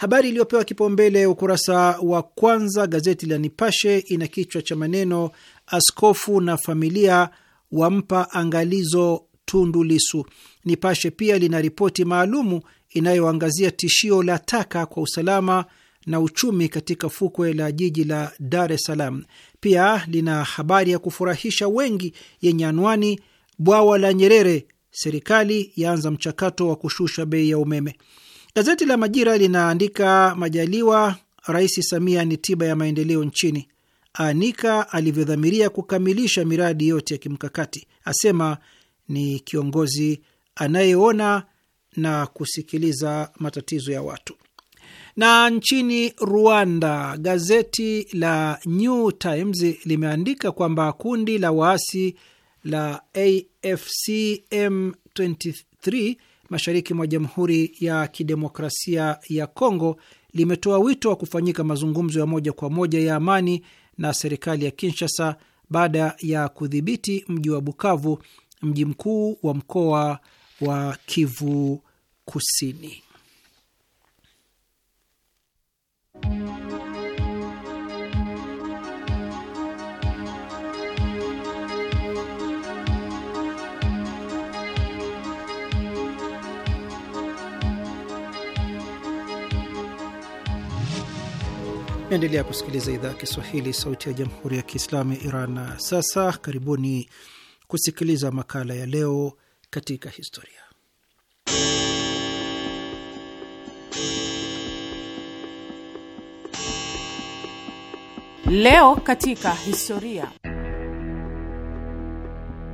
S2: Habari iliyopewa kipaumbele ukurasa wa kwanza gazeti la Nipashe ina kichwa cha maneno askofu na familia wampa angalizo Tundu Lisu. Nipashe pia lina ripoti maalumu inayoangazia tishio la taka kwa usalama na uchumi katika fukwe la jiji la Dar es Salaam. Pia lina habari ya kufurahisha wengi yenye anwani bwawa la Nyerere, serikali yaanza mchakato wa kushusha bei ya umeme. Gazeti la Majira linaandika Majaliwa, Rais Samia ni tiba ya maendeleo nchini, anika alivyodhamiria kukamilisha miradi yote ya kimkakati, asema ni kiongozi anayeona na kusikiliza matatizo ya watu. Na nchini Rwanda, gazeti la New Times limeandika kwamba kundi la waasi la AFCM23 mashariki mwa Jamhuri ya Kidemokrasia ya Kongo limetoa wito wa kufanyika mazungumzo ya moja kwa moja ya amani na serikali ya Kinshasa baada ya kudhibiti mji wa Bukavu, mji mkuu wa mkoa wa Kivu Kusini. Naendelea kusikiliza idhaa ya Kiswahili, sauti ya jamhuri ya kiislamu ya Iran. Na sasa karibuni kusikiliza makala ya leo katika historia.
S3: Leo katika historia.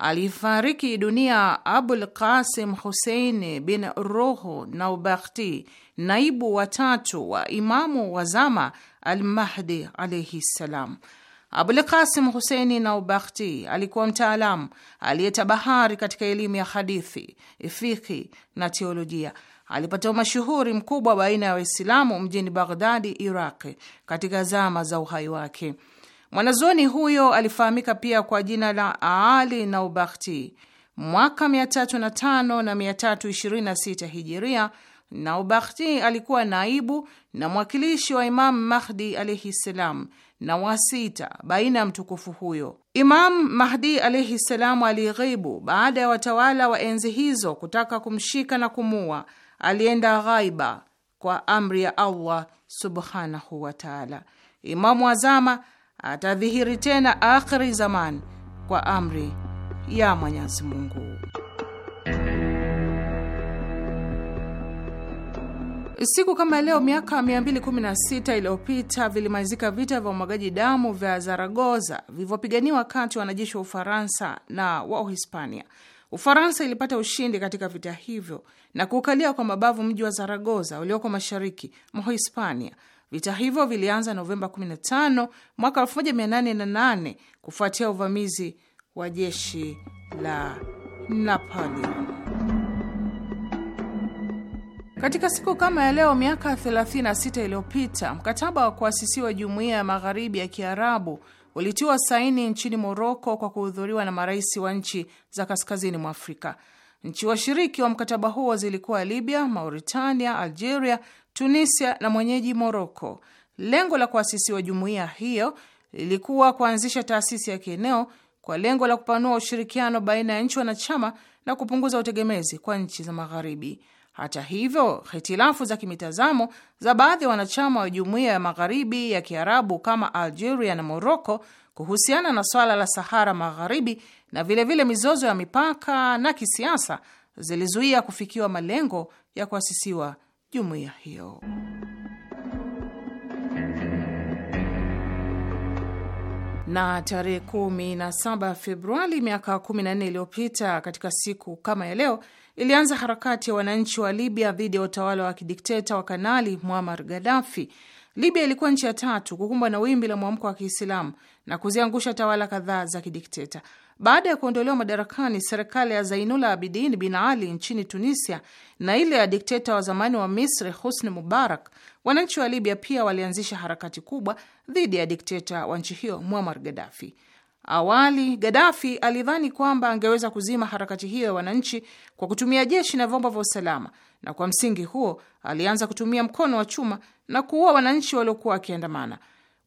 S3: alifariki dunia Abul Qasim Husein bin Ruhu naubakhti naibu watatu wa imamu wa zama Almahdi alaihi ssalam. Abul Qasim Huseini naubakhti alikuwa mtaalamu aliyetabahari katika elimu ya hadithi, fiki na teolojia. Alipata umashuhuri mkubwa baina ya Waislamu mjini Baghdadi, Iraq, katika zama za uhai wake. Mwanazuoni huyo alifahamika pia kwa jina la Ali naubakhti Mwaka 305 na 326 hijiria, Naubahti alikuwa naibu na mwakilishi wa Imamu Mahdi alaihi ssalam na wasita baina ya mtukufu huyo. Imamu Mahdi alaihi ssalam alighibu baada ya watawala wa enzi hizo kutaka kumshika na kumua. Alienda ghaiba kwa amri ya Allah subhanahu wataala. Imamu Azama atadhihiri tena akhiri zaman kwa amri ya Mwenyezi Mungu. Siku kama leo miaka 216 iliyopita vilimalizika vita vya umwagaji damu vya Zaragoza vilivyopiganiwa kati ya wanajeshi wa Ufaransa na wa Uhispania. Ufaransa ilipata ushindi katika vita hivyo na kukalia kwa mabavu mji wa Zaragoza ulioko mashariki mwa Hispania Vita hivyo vilianza Novemba 15 mwaka 1808 kufuatia uvamizi wa jeshi la Napoleon. Katika siku kama ya leo miaka 36 iliyopita mkataba wa kuasisiwa jumuiya ya magharibi ya Kiarabu ulitiwa saini nchini Moroko kwa kuhudhuriwa na marais wa nchi za kaskazini mwa Afrika. Nchi washiriki wa mkataba huo zilikuwa Libya, Mauritania, Algeria, Tunisia na mwenyeji Moroko. Lengo la kuasisiwa jumuiya hiyo lilikuwa kuanzisha taasisi ya kieneo kwa lengo la kupanua ushirikiano baina ya nchi wanachama na kupunguza utegemezi kwa nchi za Magharibi. Hata hivyo, hitilafu za kimitazamo za baadhi ya wanachama wa jumuiya ya magharibi ya Kiarabu kama Algeria na Moroko kuhusiana na swala la Sahara Magharibi na vilevile vile mizozo ya mipaka na kisiasa zilizuia kufikiwa malengo ya kuasisiwa jumuiya hiyo. na tarehe 17 Februari miaka 14 iliyopita, katika siku kama ya leo, ilianza harakati ya wananchi wa Libya dhidi ya utawala wa kidikteta wa Kanali Muammar Gaddafi. Libya ilikuwa nchi ya tatu kukumbwa na wimbi la mwamko wa Kiislamu na kuziangusha tawala kadhaa za kidikteta. Baada ya kuondolewa madarakani serikali ya Zainula Abidin Bin Ali nchini Tunisia na ile ya dikteta wa zamani wa Misri Husni Mubarak, wananchi wa Libya pia walianzisha harakati kubwa dhidi ya dikteta wa nchi hiyo Muammar Gaddafi. Awali Gaddafi alidhani kwamba angeweza kuzima harakati hiyo ya wananchi kwa kutumia jeshi na vyombo vya usalama, na kwa msingi huo alianza kutumia mkono wa chuma na kuua wananchi waliokuwa wakiandamana.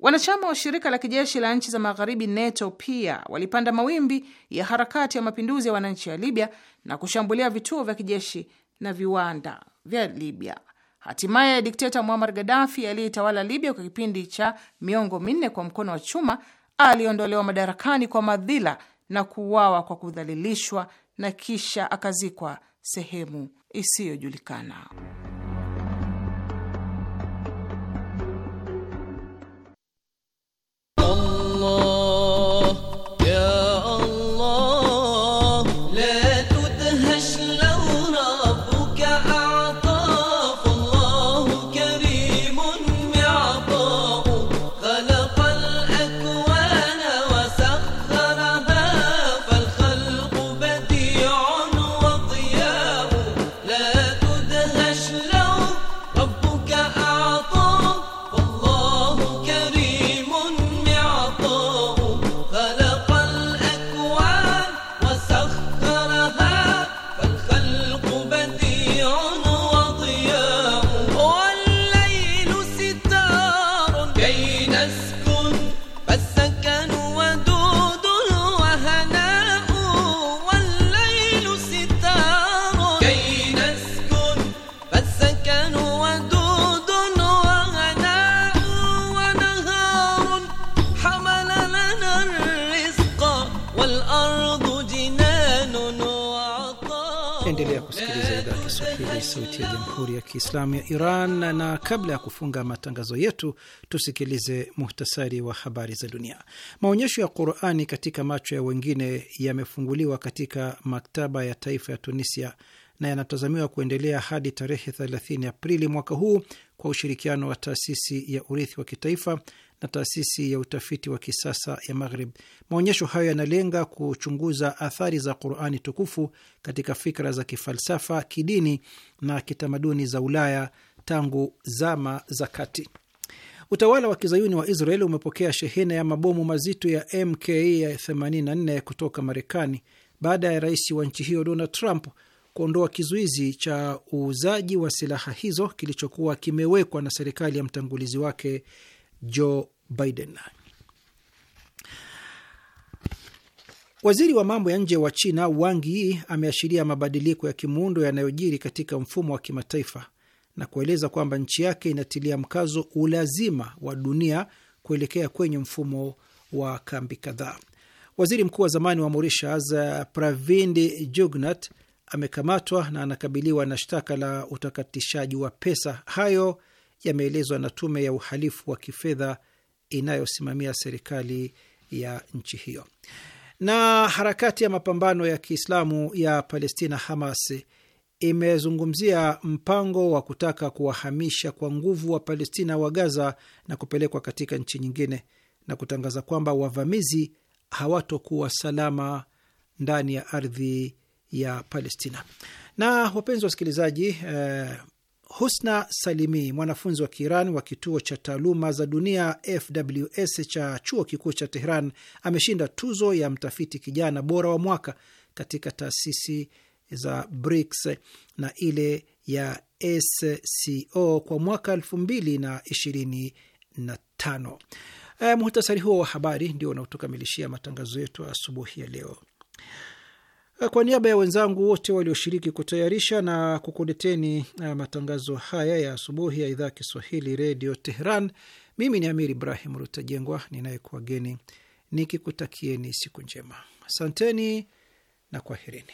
S3: Wanachama wa shirika la kijeshi la nchi za magharibi NATO pia walipanda mawimbi ya harakati ya mapinduzi ya wananchi ya Libya na kushambulia vituo vya kijeshi na viwanda vya Libya. Hatimaye dikteta Muammar Gaddafi aliyetawala Libya kwa kipindi cha miongo minne kwa mkono wa chuma aliondolewa madarakani kwa madhila na kuuawa kwa kudhalilishwa na kisha akazikwa sehemu isiyojulikana.
S2: Jamhuri ya Kiislamu ya Iran, na kabla ya kufunga matangazo yetu tusikilize muhtasari wa habari za dunia. Maonyesho ya Qurani katika macho ya wengine yamefunguliwa katika maktaba ya taifa ya Tunisia na yanatazamiwa kuendelea hadi tarehe 30 Aprili mwaka huu kwa ushirikiano wa taasisi ya urithi wa kitaifa na taasisi ya utafiti wa kisasa ya Maghrib. Maonyesho hayo yanalenga kuchunguza athari za Qurani tukufu katika fikra za kifalsafa, kidini na kitamaduni za Ulaya tangu zama za kati. Utawala wa kizayuni wa israel umepokea shehena ya mabomu mazito ya MK ya 84 kutoka Marekani baada ya rais wa nchi hiyo Donald Trump kuondoa kizuizi cha uuzaji wa silaha hizo kilichokuwa kimewekwa na serikali ya mtangulizi wake Joe Biden. Waziri wa mambo ya nje wa China Wang Yi ameashiria mabadiliko ya kimuundo yanayojiri katika mfumo wa kimataifa na kueleza kwamba nchi yake inatilia mkazo ulazima wa dunia kuelekea kwenye mfumo wa kambi kadhaa. Waziri mkuu wa zamani wa Mauritius Pravind Jugnauth amekamatwa na anakabiliwa na shtaka la utakatishaji wa pesa. Hayo yameelezwa na tume ya uhalifu wa kifedha inayosimamia serikali ya nchi hiyo. Na harakati ya mapambano ya Kiislamu ya Palestina, Hamas, imezungumzia mpango wa kutaka kuwahamisha kwa nguvu wa Palestina wa Gaza na kupelekwa katika nchi nyingine na kutangaza kwamba wavamizi hawatokuwa salama ndani ya ardhi ya Palestina. Na wapenzi wasikilizaji, eh, Husna Salimi, mwanafunzi wa Kiiran wa kituo cha taaluma za dunia FWS cha chuo kikuu cha Tehran, ameshinda tuzo ya mtafiti kijana bora wa mwaka katika taasisi za BRICS na ile ya SCO kwa mwaka 225 Eh, muhtasari huo wa habari ndio unaotukamilishia matangazo yetu asubuhi ya leo. Eh, kwa niaba ya wenzangu wote walioshiriki kutayarisha na kukuleteni eh, matangazo haya ya asubuhi ya idhaa Kiswahili Redio Teheran, mimi ni Amir Ibrahim Rutajengwa ninayekuwageni nikikutakieni siku njema. Asanteni na kwaherini.